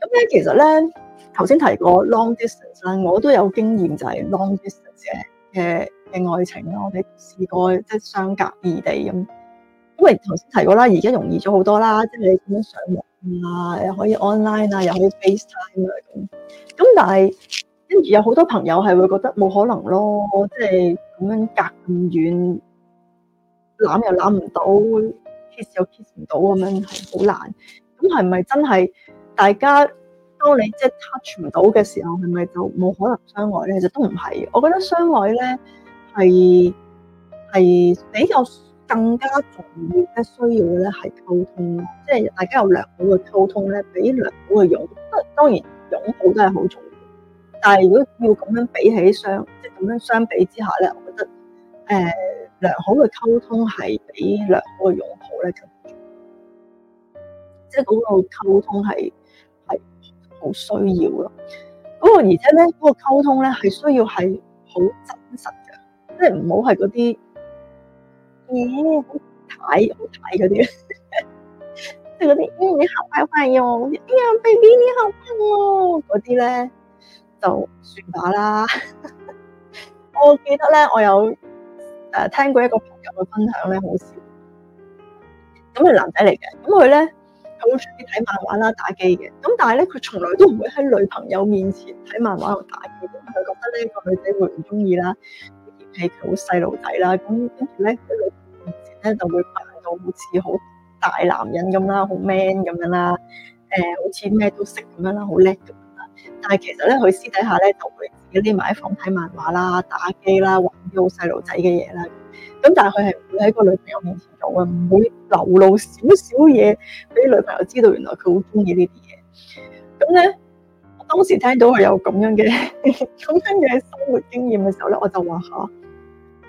咁咧，其實咧頭先提過 long distance 啦，我都有經驗就係 long distance 嘅嘅嘅愛情，我哋試過即係、就是、相隔異地咁。因為頭先提過啦，而家容易咗好多啦，即、就、係、是、你點樣上啊，又可以 online 啊，又、啊、可以 FaceTime 啊咁。咁、啊啊、但係跟住有好多朋友係會覺得冇可能咯，即係咁樣隔咁遠，攬又攬唔到，kiss 又 kiss 唔到，咁樣係好難。咁係咪真係大家當你即係、就是、touch 唔到嘅時候，係咪就冇可能相愛咧？其實都唔係，我覺得相愛咧係係比較。更加重要咧，需要咧係溝通，即、就、係、是、大家有良好嘅溝通咧，比良好嘅擁抱，當然擁抱都係好重要。但係如果要咁樣比起相，即係咁樣相比之下咧，我覺得誒、呃、良好嘅溝通係比良好嘅擁抱咧就是更重要，即係嗰個溝通係係好需要咯。不過而且咧，嗰個溝通咧係需要係好真實嘅，即係唔好係嗰啲。好、欸、睇，好睇嗰啲，嗰 啲、嗯、你好壞壞哦！哎呀，baby 你好棒哦！嗰啲咧就算罷啦。 我記得咧，我有誒、啊、聽過一個朋友嘅分享咧，好笑。咁係男仔嚟嘅，咁佢咧係會中意睇漫畫啦、打機嘅。咁但係咧，佢從來都唔會喺女朋友面前睇漫畫、打機，因為佢覺得呢、呢個女仔會唔中意啦，嫌棄佢好細路仔啦。咁跟住咧，啲女，咧就會扮到好似好大男人咁啦、呃，好 man 咁樣啦，誒好似咩都識咁樣啦，好叻咁啦。但係其實咧，佢私底下咧就會自己匿埋喺房睇漫畫啦、打機啦、玩啲好細路仔嘅嘢啦。咁但係佢係唔會喺個女朋友面前做嘅，唔會流露少少嘢俾女朋友知道。原來佢好中意呢啲嘢。咁咧，我當時聽到佢有咁樣嘅咁 樣嘅生活經驗嘅時候咧，我就話嚇。啊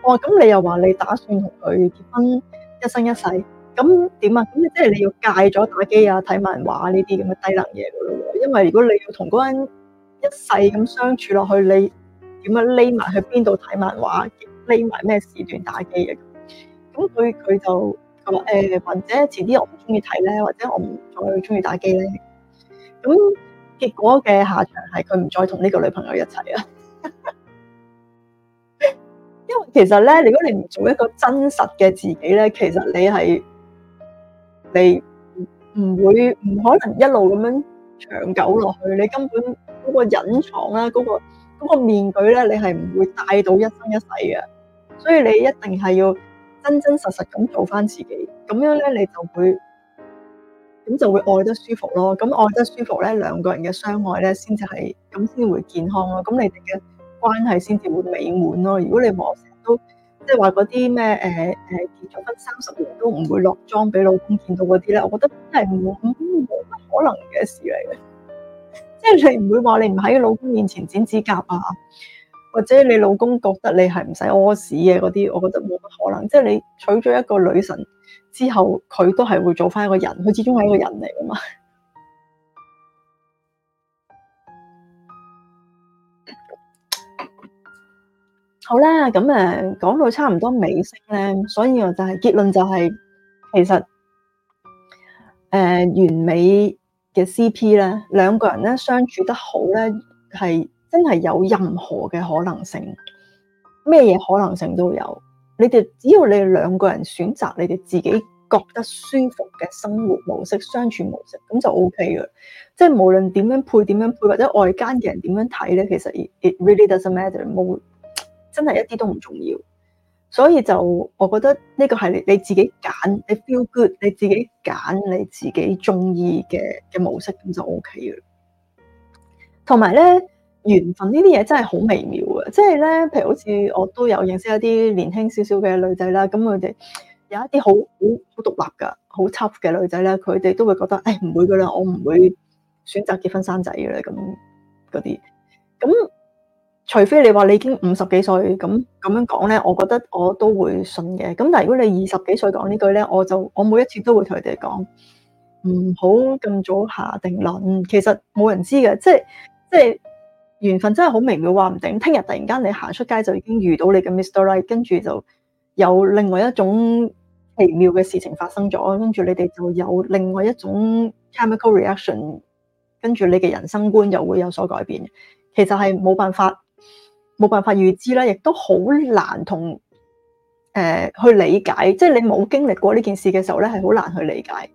咁、哦、你又話你打算同佢結婚一生一世？咁點啊？咁即係你要戒咗打機啊、睇漫畫呢啲咁嘅低能嘢咯？因為如果你要同嗰個人一世咁相處落去，你點樣？匿埋去邊度睇漫畫？匿埋咩時段打機啊？咁佢佢就話：誒、欸，或者遲啲我唔中意睇咧，或者我唔再中意打機咧。咁結果嘅下場係佢唔再同呢個女朋友一齊啊！ 因為其實咧，如果你唔做一個真實嘅自己咧，其實你係你唔會唔可能一路咁樣長久落去，你根本嗰個隱藏啦，嗰個嗰個面具咧，你係唔會戴到一生一世嘅。所以你一定係要真真實實咁做翻自己，咁樣咧你就會咁就會愛得舒服咯。咁愛得舒服咧，兩個人嘅相愛咧，先至係咁先會健康咯。咁你哋嘅關係先至會美滿咯。如果你平時都即係話嗰啲咩，誒、誒，結咗婚三十年都唔會落妝俾老公見到嗰啲咧，我覺得真係冇冇乜可能嘅事嚟嘅。即係你唔會話你唔喺老公面前剪指甲啊，或者你老公覺得你係唔使屙屎嘅嗰啲，我覺得冇乜可能。即係你娶咗一個女神之後，佢都係會做翻一個人，佢始終係一個人嚟噶嘛。好啦，咁誒，講到差唔多尾聲咧，所以我就係、是、結論就係、是，其實誒、呃、完美嘅 C P 咧，兩個人咧相處得好咧，係真係有任何嘅可能性，咩嘢可能性都有。你哋只要你哋兩個人選擇你哋自己覺得舒服嘅生活模式、相處模式，咁就 O K 啦。即係無論點樣配，點樣配，或者外間嘅人點樣睇咧，其實 it really doesn't matter。冇。真係一啲都唔重要，所以就我覺得呢個係你自己揀，你 feel good，你自己揀你自己中意嘅嘅模式咁就 OK 嘅。同埋咧，緣分呢啲嘢真係好微妙嘅，即係咧，譬如好似我都有認識一啲年輕少少嘅女仔啦，咁佢哋有一啲好好好獨立噶、好 tough 嘅女仔啦，佢哋都會覺得誒唔會噶啦，我唔會選擇結婚生仔嘅啦，咁嗰啲咁。除非你話你已經五十幾歲咁咁樣講咧，我覺得我都會信嘅。咁但係如果你二十幾歲講呢句咧，我就我每一次都會同佢哋講，唔好咁早下定論。其實冇人知嘅，即係即係緣分真係好微妙，話唔定聽日突然間你行出街就已經遇到你嘅 Mr. Right，跟住就有另外一種奇妙嘅事情發生咗，跟住你哋就有另外一種 chemical reaction，跟住你嘅人生觀又會有所改變。其實係冇辦法。冇辦法預知啦，亦都好難同誒、呃、去理解，即係你冇經歷過呢件事嘅時候咧，係好難去理解。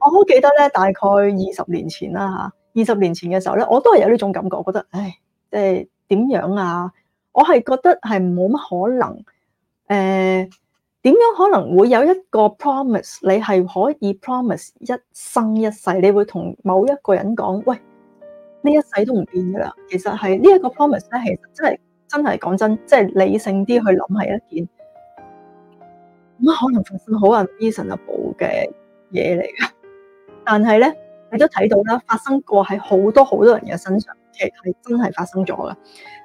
我好記得咧，大概二十年前啦嚇，二十年前嘅時候咧，我都係有呢種感覺，我覺得唉，即係點樣啊？我係覺得係冇乜可能誒，點樣可能會有一個 promise，你係可以 promise 一生一世，你會同某一個人講，喂，呢一世都唔變噶啦。其實係呢一個 promise 咧，其實真係。真係講真的，即係理性啲去諗，係一件乜可能發生好 unreasonable 嘅嘢嚟嘅。但係咧，你都睇到啦，發生過喺好多好多人嘅身上，其實係真係發生咗噶。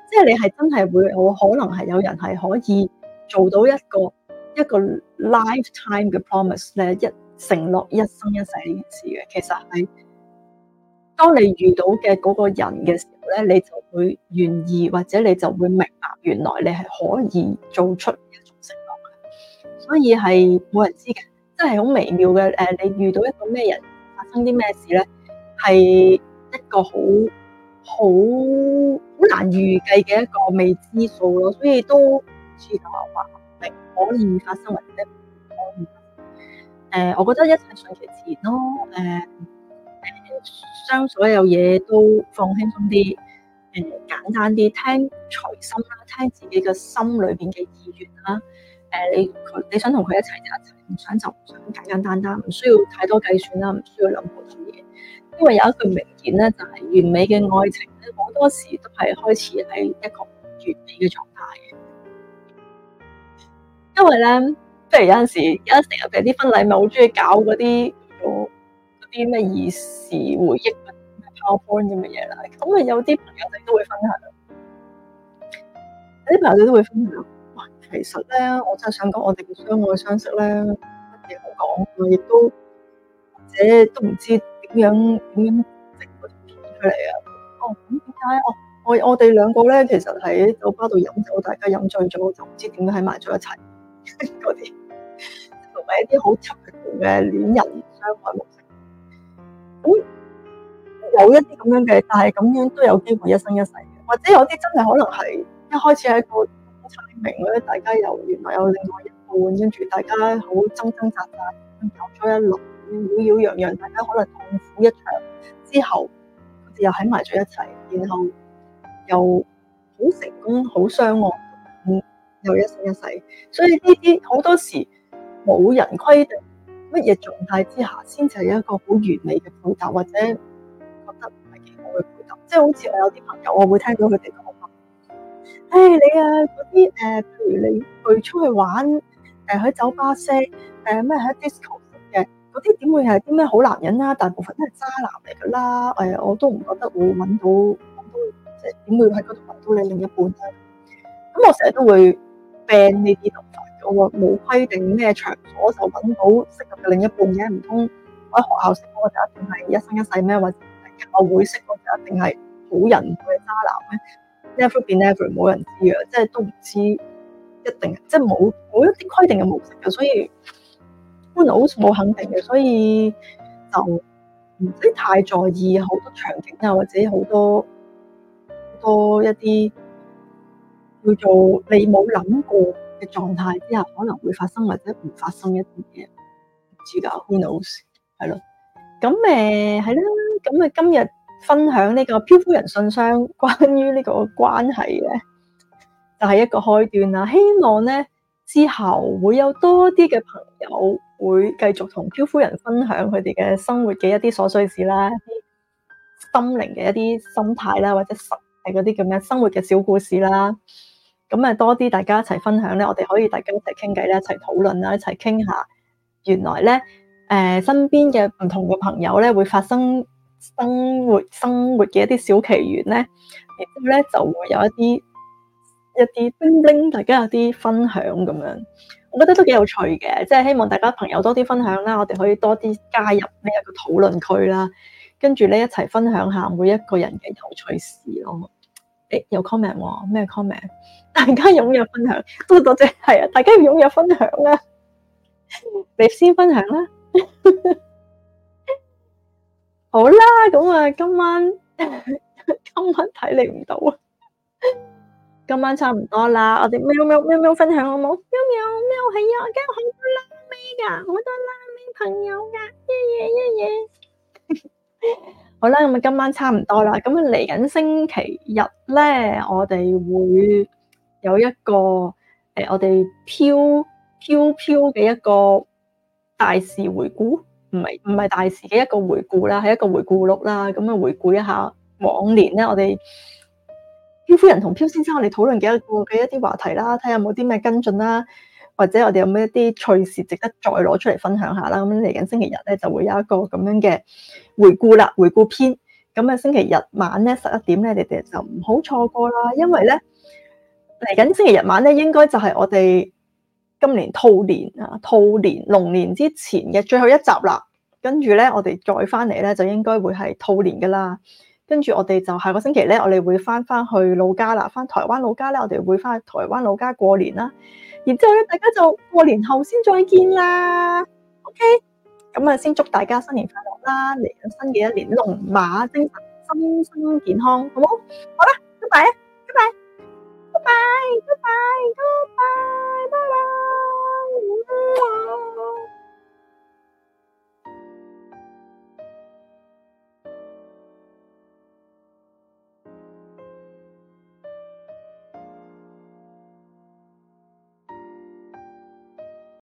即係你係真係會好，可能係有人係可以做到一個一個 lifetime 嘅 promise 咧，一承諾一生一世呢件事嘅，其實係。當你遇到嘅嗰個人嘅時候咧，你就會願意，或者你就會明白，原來你係可以做出一種承諾。所以係冇人知嘅，真係好微妙嘅。誒，你遇到一個咩人，發生啲咩事咧，係一個好好好難預計嘅一個未知數咯。所以都似話話，係可以發生或者唔可能。誒、呃，我覺得一切順其自然咯。誒、呃。誒，將所有嘢都放輕鬆啲，誒、嗯，簡單啲，聽隨心啦，聽自己嘅心裏邊嘅意願啦。誒、呃，你佢你想同佢一齊就一齊，唔想就唔想，簡簡單單，單，唔需要太多計算啦，唔需要諗好多嘢。因為有一句名言咧，就係、是、完美嘅愛情咧，好多時都係開始係一個完美嘅狀態嘅。因為咧，譬如有陣時，而家成日啲婚禮咪好中意搞嗰啲。啲咩兒時回憶、PowerPoint 咁嘅嘢啦，咁咪有啲朋友仔都會分享，有啲朋友仔都會分享。哇，其實咧，我真係想講，我哋嘅相愛相識咧，乜嘢好講我亦都，或者都唔知點樣點樣整嗰條片出嚟啊？哦，咁點解？哦，我我哋兩個咧，其實喺酒吧度飲酒，大家飲醉咗，就唔知點喺埋咗一齊嗰啲，同埋一啲好親密嘅戀人相愛。咁、嗯、有一啲咁樣嘅，但係咁樣都有機會一生一世嘅，或者有啲真係可能係一開始係一個好親明咧，大家又原來有另外一半，跟住大家好爭爭扎扎，走咗一路，擾擾攘攘，大家可能痛苦一場之後佢哋又喺埋咗一齊，然後又好成功，好相愛，嗯，又一生一世，所以呢啲好多時冇人規定。乜嘢狀態之下先至係一個好完美嘅配搭，或者覺得唔係好嘅配搭？即係好似我有啲朋友，我會聽到佢哋講話，唉、哎，你啊嗰啲誒，譬、呃、如你去出去玩，誒、呃、喺酒吧識，誒咩喺 disco 嘅嗰啲點會係啲咩好男人啦、啊？大部分都係渣男嚟噶啦。誒、哎，我都唔覺得會揾到，即係點會喺嗰度揾到你另一半啦、啊？咁我成日都會 ban 呢啲我話冇規定咩場所就揾到適合嘅另一半嘅，唔通我喺學校識嘅就一定係一生一世咩？或者係教會識嘅就一定係好人唔會係渣男咩？Never be never，冇人知啊，即係都唔知一定即係冇冇一啲規定嘅模式啊，所以本好似冇肯定嘅，所以就唔使太在意好多場景啊，或者好多多一啲叫做你冇諗過。狀態之下可能會發生或者唔發生一啲嘢，唔知噶，who knows？係咯，咁誒係啦，咁、呃、啊今日分享呢、這個漂夫人信箱關於呢個關係咧，就係、是、一個開端啦。希望咧之後會有多啲嘅朋友會繼續同漂夫人分享佢哋嘅生活嘅一啲瑣碎事啦，心靈嘅一啲心態啦，或者實係嗰啲咁樣生活嘅小故事啦。咁啊，多啲大家一齊分享咧，我哋可以大家一齊傾偈咧，一齊討論啦，一齊傾下原來咧，誒、呃、身邊嘅唔同嘅朋友咧，會發生生活生活嘅一啲小奇緣咧，然之後咧就會有一啲一啲叮大家有啲分享咁樣，我覺得都幾有趣嘅。即、就、係、是、希望大家朋友多啲分享啦，我哋可以多啲加入呢一個討論區啦，跟住咧一齊分享下每一個人嘅有趣事咯。誒，有 comment 咩 comment？大家踴躍分享，多謝係啊！大家踴躍分享啦，你先分享啦。好啦，咁啊，今晚今晚睇你唔到啊，今晚差唔多啦。我哋喵喵喵喵分享好冇？喵喵喵係啊，而家好多辣味噶，好多辣味朋友噶，耶耶耶耶。好啦，咁啊，今晚差唔多啦，咁啊嚟緊星期日咧，我哋會有一個誒，我哋漂漂漂嘅一個大事回顧，唔係唔係大事嘅一個回顧啦，係一個回顧錄啦，咁啊回顧一下往年咧，我哋漂夫人同漂先生我們討論，我哋討論幾多個嘅一啲話題啦，睇下有冇啲咩跟進啦。或者我哋有冇一啲趣事值得再攞出嚟分享下啦？咁嚟緊星期日咧，就會有一個咁樣嘅回顧啦，回顧篇。咁啊，星期日晚咧，十一點咧，你哋就唔好錯過啦，因為咧嚟緊星期日晚咧，應該就係我哋今年兔年啊，兔年龍年之前嘅最後一集啦。跟住咧，我哋再翻嚟咧，就應該會係兔年噶啦。跟住我哋就下個星期咧，我哋會翻翻去老家啦，翻台灣老家咧，我哋會翻去台灣老家過年啦。然之後咧，大家就過年後先再見啦。OK，咁啊，先祝大家新年快樂啦！嚟緊新嘅一年，龍馬精神，身心健康，好冇？好啦，拜拜，拜拜，拜拜，拜拜，拜拜，拜拜。